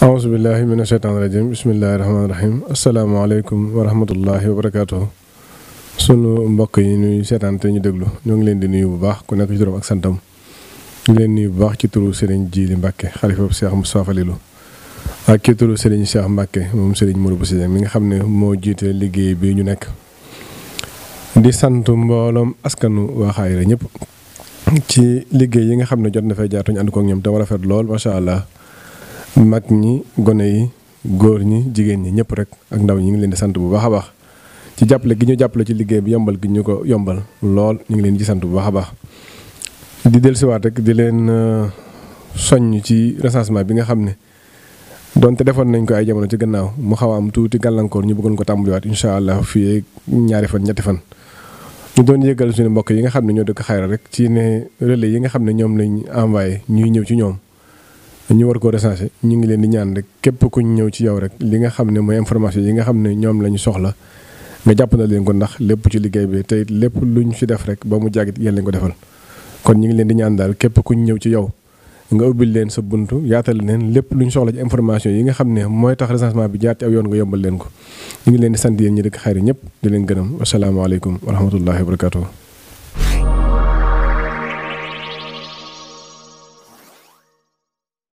ahousubillahi mina sheytaan rajim bisimillahi rahmaani rahim asalaamaaleykum wa rahmatullahi wa barakaatuhu mbokk yi ñuy seetaan te ñu déglu ñoo ngi leen di nuyu bu baax ku nekk ci turam ak santam ñu leen nuyu bu baax ci turu sëriñ Jili Mbàkke xalifa bu Seex Mustafaa Falilu ak ci turu sëriñ Seex Mbàkke moom sëriñ Moodu bu Sise mi nga xam ne moo jiite liggéey bi ñu nekk di sant mbooloom askanu waa Xaayra ñëpp ci liggéey yi nga xam ne jot na fay jaar te ñu ànd kook ñoom te fet lool macha allah mag ñi gone yi góor ñi jigéen ñi ñëpp rek ak ndaw ñi ngi leen di sant bu baax a baax ci jàppale gi ñu jàppale ci liggéey bi yombal gi ñu ko yombal lool ñu ngi leen di sant bu baax a baax. di dellusiwaat rek di leen euh, soññ ci recensement bi nga xam ne donte defoon nañ ko ay jamono ci gannaaw mu xaw a am tuuti gàllankoor ñu bëggoon ko tàmbaliwaat incha allah fii ñaari fan ñetti fan. ñu doon yëgal suñu mbokk yi nga xam ne ñoo dëkk xayra rek ci ne relais yi nga xam ne ñoom lañ envoyé ñuy ñëw ci ñoom. ñu war ko recensé ñu ngi leen di ñaan rek képp ku ñëw ci yow rek li nga xam ne mooy information yi nga xam ne ñoom lañu soxla nga jàpp na leen ko ndax lépp ci liggéey bi te it lépp lu ñu fi def rek ba mu jàggit yéen lañ ko defal kon ñu ngi leen di ñaan daal képp ku ñëw ci yow nga ubbil leen sa buntu yaatal leen lépp lu ñu soxla ci information yi nga xam ne mooy tax recensement bi jaar ci aw yoon nga yombal leen ko ñu ngi leen di sant yéen ñi dëkk xayri ñëpp di leen gërëm wasalaamaaleykum wa rahmatullahi wa